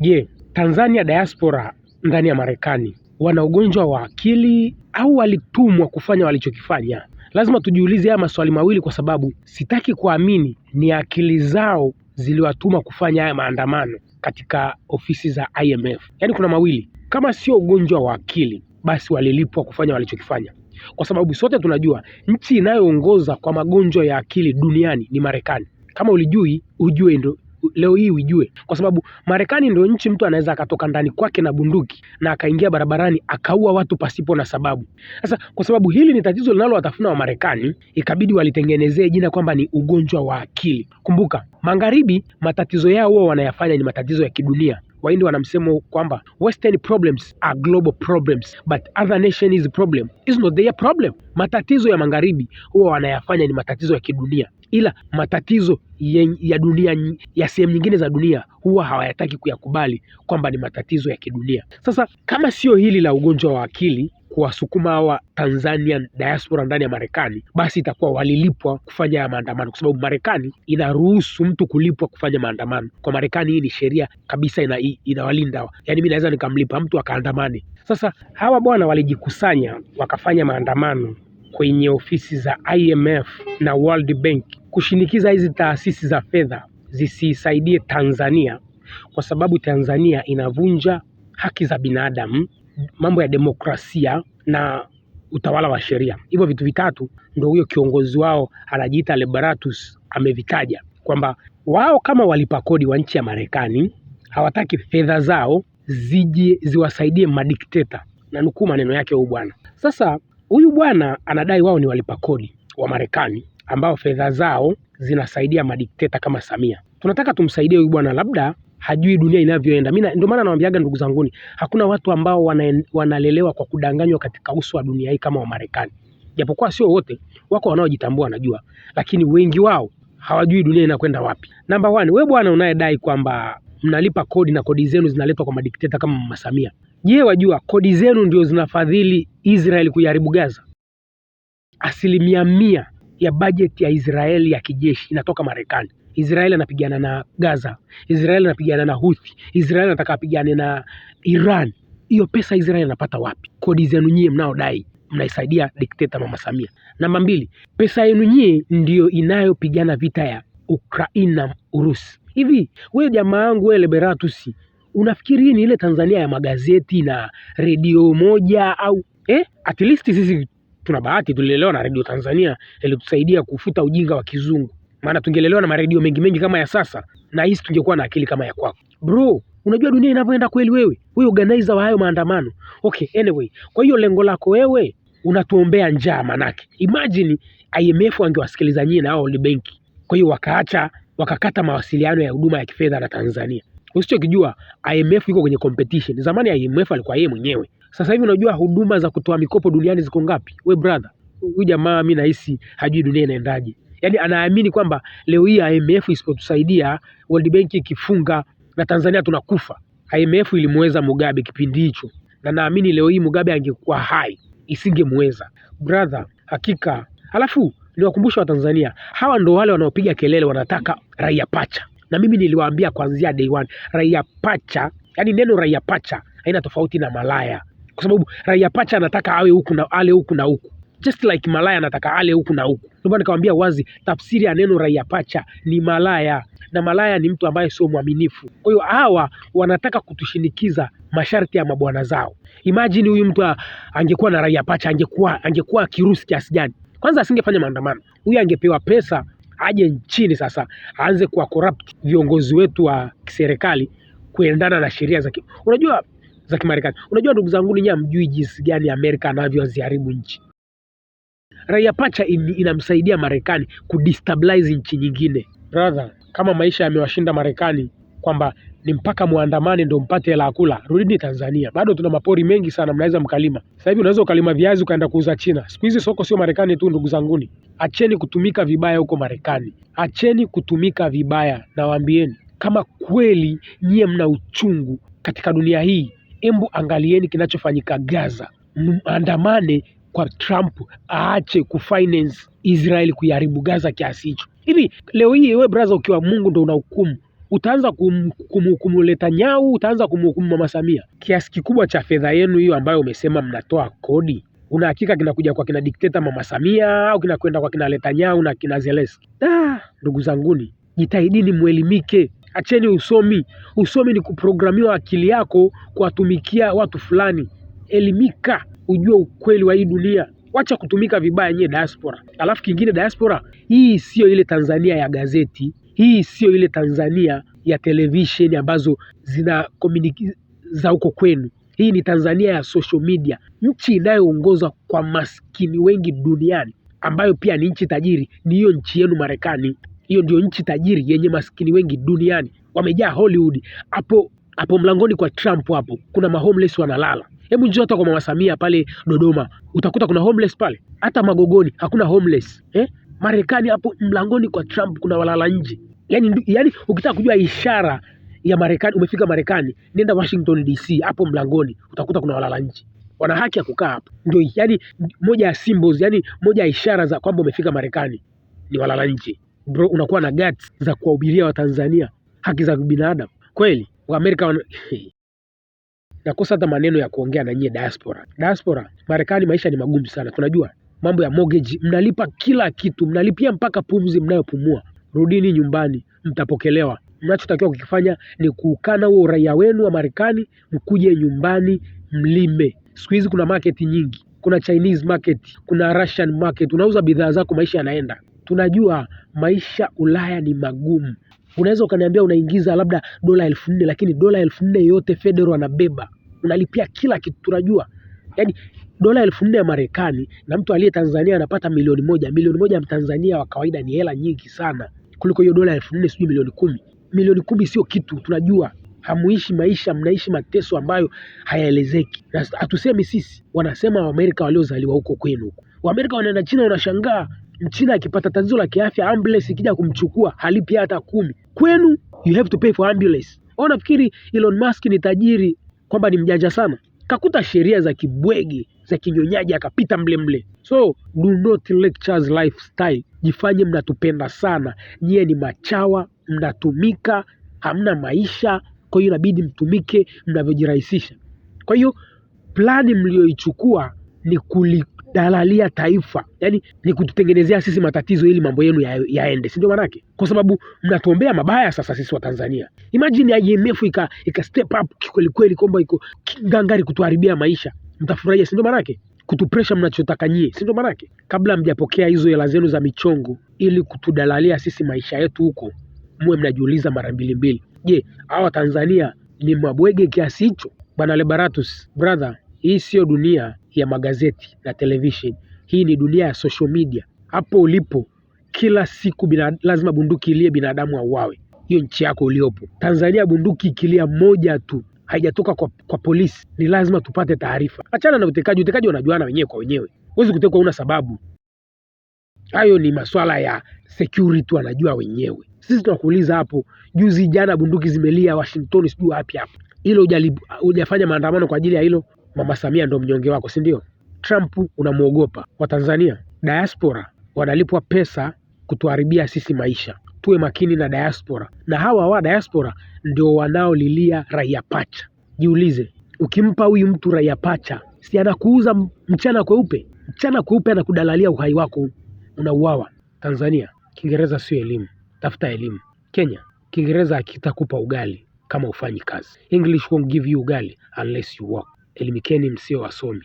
Je, Tanzania diaspora ndani ya Marekani wana ugonjwa wa akili au walitumwa kufanya walichokifanya? Lazima tujiulize haya maswali mawili, kwa sababu sitaki kuamini ni akili zao ziliwatuma kufanya haya maandamano katika ofisi za IMF. Yaani kuna mawili, kama sio ugonjwa wa akili, basi walilipwa kufanya walichokifanya, kwa sababu sote tunajua nchi inayoongoza kwa magonjwa ya akili duniani ni Marekani. Kama ulijui ujue, ndo leo hii uijue, kwa sababu Marekani ndio nchi mtu anaweza akatoka ndani kwake na bunduki na akaingia barabarani akaua watu pasipo na sababu. Sasa kwa sababu hili ni tatizo linalowatafuna wa Marekani, ikabidi walitengenezee jina kwamba ni ugonjwa wa akili. Kumbuka magharibi, matatizo yao wao wanayafanya ni matatizo ya kidunia. Wahindi wanamsemo kwamba western problems are global problems but other nation is problem is not their problem. Matatizo ya magharibi huwa wanayafanya ni matatizo ya kidunia, ila matatizo ya dunia ya sehemu nyingine za dunia huwa hawayataki kuyakubali kwamba ni matatizo ya kidunia. Sasa kama sio hili la ugonjwa wa akili kuwasukuma hawa Tanzania diaspora ndani ya Marekani, basi itakuwa walilipwa kufanya ya maandamano, kwa sababu Marekani inaruhusu mtu kulipwa kufanya maandamano. Kwa Marekani hii ni sheria kabisa, ina, inawalinda yani mimi naweza nikamlipa mtu akaandamane. Sasa hawa bwana walijikusanya wakafanya maandamano kwenye ofisi za IMF na World Bank kushinikiza hizi taasisi za fedha zisisaidie Tanzania kwa sababu Tanzania inavunja haki za binadamu mambo ya demokrasia na utawala wa sheria. Hivyo vitu vitatu ndio huyo kiongozi wao anajiita Liberatus amevitaja kwamba wao kama walipa kodi wa nchi ya Marekani hawataki fedha zao zije ziwasaidie madikteta, na nukuu maneno yake huyu bwana. Sasa huyu bwana anadai wao ni walipa kodi wa Marekani ambao fedha zao zinasaidia madikteta kama Samia. Tunataka tumsaidie huyu bwana, labda hajui dunia inavyoenda. Mimi ndio maana nawaambiaga ndugu zanguni, hakuna watu ambao wanalelewa kwa kudanganywa katika uso wa dunia hii kama Wamarekani, japokuwa sio wote, wako wanaojitambua wanajua, lakini wengi wao hawajui dunia inakwenda wapi. Namba one, wewe bwana unayedai kwamba mnalipa kodi na kodi zenu zinaletwa kwa madikteta kama Mama Samia, je, wajua kodi zenu ndio zinafadhili Israeli kuiharibu Gaza? Asilimia mia ya bajeti ya Israeli ya kijeshi inatoka Marekani. Israeli anapigana na Gaza, Israeli anapigana na Houthi, Israeli anataka apigane na Iran. Hiyo pesa Israeli anapata wapi? Kodi zenu nyie mnaodai mnaisaidia dikteta Mama Samia. Namba mbili, pesa yenu nyie ndiyo inayopigana vita ya Ukraina Urusi. Hivi we jamaa yangu we Liberatus, unafikiri ni ile Tanzania ya magazeti na redio moja au eh? At least sisi tuna bahati, tulielewa na redio Tanzania ilitusaidia kufuta ujinga wa kizungu maana tungelelewa na maredio mengi mengi kama ya sasa, na hisi tungekuwa na akili kama ya kwako bro. Unajua dunia inavyoenda kweli, wewe wewe organizer wa hayo maandamano. Okay, anyway, kwa hiyo lengo lako wewe unatuombea njaa, manake imagine IMF wangewasikiliza nyinyi na World Bank, kwa hiyo wakaacha wakakata mawasiliano ya huduma ya kifedha na Tanzania. Usichokijua, IMF iko kwenye competition. Zamani IMF alikuwa yeye mwenyewe, sasa hivi unajua huduma za kutoa mikopo duniani ziko ngapi? We brother, huyu jamaa mi nahisi hajui dunia inaendaje yani anaamini kwamba leo hii IMF isipotusaidia, World Bank ikifunga na Tanzania tunakufa. IMF ilimweza Mugabe kipindi hicho, na naamini leo hii Mugabe angekuwa hai isingemweza brother, hakika. Halafu wa Watanzania, hawa ndo wale wanaopiga kelele wanataka raia pacha, na mimi niliwaambia kuanzia day one, raia pacha, yani neno raia pacha haina tofauti na malaya, kwa sababu raia pacha anataka awe huku na ale huku na huku just like malaya anataka ale huku na huku. Ndio nikamwambia wazi, tafsiri ya neno raia pacha ni malaya, na malaya ni mtu ambaye sio mwaminifu. Kwa hiyo hawa wanataka kutushinikiza masharti ya mabwana zao. Imagine huyu mtu angekuwa na raia pacha, angekuwa angekuwa kirusi kiasi gani? Kwanza asingefanya maandamano, huyu angepewa pesa aje nchini sasa aanze kuwa corrupt viongozi wetu wa kiserikali kuendana na sheria za unajua za Kimarekani. Unajua ndugu zangu, ninyi nyamjui jinsi gani Amerika anavyoziharibu nchi. Raia pacha inamsaidia Marekani kudestabilize nchi nyingine. Brother, kama maisha yamewashinda Marekani kwamba ni mpaka muandamane ndo mpate hela kula, rudini Tanzania. Bado tuna mapori mengi sana, mnaweza mkalima. Sasa hivi unaweza ukalima viazi ukaenda kuuza China. Siku hizi soko sio Marekani tu, ndugu zanguni. Acheni kutumika vibaya huko Marekani, acheni kutumika vibaya. Nawaambieni, kama kweli nyie mna uchungu katika dunia hii, embu angalieni kinachofanyika Gaza, mandamane kwa Trump aache kufinance Israel kuiharibu Gaza kiasi hicho. Hivi leo hii wewe brother, ukiwa Mungu ndo unahukumu, utaanza kumhukumu kum, Netanyahu, utaanza kumhukumu mama Samia. Kiasi kikubwa cha fedha yenu hiyo ambayo umesema mnatoa kodi una hakika kinakuja kwa kina dikteta mama Samia au kinakwenda kwa kina Netanyahu na kina Zelensky? Da, ndugu zanguni, jitahidini mwelimike, acheni usomi. Usomi ni kuprogramiwa akili yako kuwatumikia watu fulani. Elimika ujue ukweli wa hii dunia. Wacha kutumika vibaya nyie diaspora. Alafu kingine diaspora, hii siyo ile Tanzania ya gazeti, hii siyo ile Tanzania ya televisheni ambazo zina za huko kwenu. Hii ni Tanzania ya social media, nchi inayoongozwa kwa maskini wengi duniani, ambayo pia ni nchi tajiri. Ni hiyo nchi yenu Marekani, hiyo ndio nchi tajiri yenye maskini wengi duniani, wamejaa Hollywood. Hapo hapo mlangoni kwa Trump hapo kuna mahomeless wanalala. Hebu njoo hata kwa Mama Samia pale Dodoma, utakuta kuna homeless pale. Hata Magogoni hakuna homeless eh? Marekani hapo mlangoni kwa Trump kuna walala nje. Yaani, yani ukitaka kujua ishara ya Marekani, umefika Marekani, nenda Washington DC, hapo mlangoni utakuta kuna walala nje. Wana haki ya kukaa hapo, ndio yaani moja ya symbols, yaani moja ya ishara za kwamba umefika Marekani ni walala nje. Bro, unakuwa na guts za kuwahubiria Watanzania haki za binadamu kweli? Waamerika wana nakosa hata maneno ya kuongea na nyie diaspora. Diaspora Marekani maisha ni magumu sana, tunajua mambo ya mortgage, mnalipa kila kitu, mnalipia mpaka pumzi mnayopumua. Rudini nyumbani, mtapokelewa. Mnachotakiwa kukifanya ni kuukana huo uraia wenu wa Marekani, mkuje nyumbani mlime. Siku hizi kuna market nyingi, kuna Chinese market, kuna Russian market, unauza bidhaa zako, maisha yanaenda. Tunajua maisha Ulaya ni magumu. Unaweza ukaniambia unaingiza labda dola elfu nne lakini dola elfu nne yote Federal anabeba, unalipia kila kitu tunajua. Yaani dola elfu nne ya Marekani na mtu aliye Tanzania anapata milioni moja. Milioni moja ya Mtanzania wa kawaida ni hela nyingi sana kuliko hiyo dola elfu nne sijui milioni kumi. Milioni kumi sio kitu, tunajua hamuishi maisha, mnaishi mateso ambayo hayaelezeki, na hatusemi sisi, wanasema Waamerika waliozaliwa huko kwenu huko. Waamerika wanaenda China, wanashangaa Mchina akipata tatizo la kiafya, ambulance ikija kumchukua halipi hata kumi kwenu you have to pay for ambulance. Wao nafikiri Elon Musk ni tajiri kwamba ni mjanja sana, kakuta sheria za kibwege za kinyonyaji akapita mle mle. So do not lectures lifestyle, jifanye mnatupenda sana, nyie ni machawa, mnatumika, hamna maisha, kwa hiyo inabidi mtumike mnavyojirahisisha. Kwa hiyo plani mliyoichukua ni kuli dalalia taifa, yani ni kututengenezea sisi matatizo ili mambo yenu yaende ya, si ndio manake? Kwa sababu mnatuombea mabaya. Sasa sisi wa Tanzania, imagine IMF ika, ika step up kikweli kweli kwamba iko kingangari kutuharibia maisha, mtafurahia si ndio manake? kutupresha mnachotaka nyie, si ndio manake? Kabla mjapokea hizo hela zenu za michongo ili kutudalalia sisi maisha yetu huko, muwe mnajiuliza mara mbili mbili, je, hawa Tanzania ni mabwege kiasi hicho? Bwana Lebaratus brother, hii sio dunia ya magazeti na television, hii ni dunia ya social media. Hapo ulipo kila siku bina, lazima bunduki ilie, binadamu auawe. Hiyo nchi yako uliopo. Tanzania bunduki ikilia moja tu haijatoka kwa, kwa polisi, ni lazima tupate taarifa. Achana na utekaji, utekaji wanajuana wenyewe kwa wenyewe, huwezi kutekwa una sababu. Hayo ni maswala ya security, wanajua wenyewe. Sisi tunakuuliza hapo, juzi jana bunduki zimelia Washington, sijui wapi. Hapo hilo hujafanya maandamano kwa ajili ya hilo. Mama Samia ndo mnyonge wako, si ndio? Trump unamwogopa. Watanzania diaspora wanalipwa pesa kutuharibia sisi maisha. Tuwe makini na diaspora, na hawa wa diaspora ndio wanaolilia raia pacha. Jiulize, ukimpa huyu mtu raia pacha, si anakuuza mchana kweupe? Mchana kweupe anakudalalia uhai wako, unauawa. Tanzania, Kiingereza sio elimu, tafuta elimu. Kenya, Kiingereza hakitakupa ugali kama ufanyi kazi. English won't give you ugali unless you work elimikeni msio wasomi.